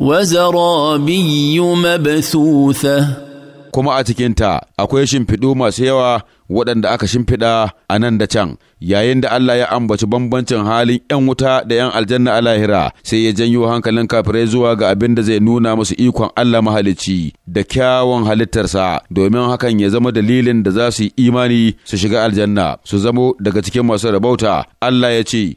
وزرابي مبثوثه kuma a cikinta akwai shimfiɗu masu yawa waɗanda aka shimfiɗa a nan da can yayin da Allah ya ambaci bambancin halin 'yan wuta da 'yan aljanna a lahira sai ya janyo hankalin kafirai zuwa ga abin da zai nuna musu ikon Allah mahalicci da kyawun halittarsa domin hakan ya zama dalilin da za su yi imani su shiga aljanna su zamo daga cikin masu rabauta Allah ya ce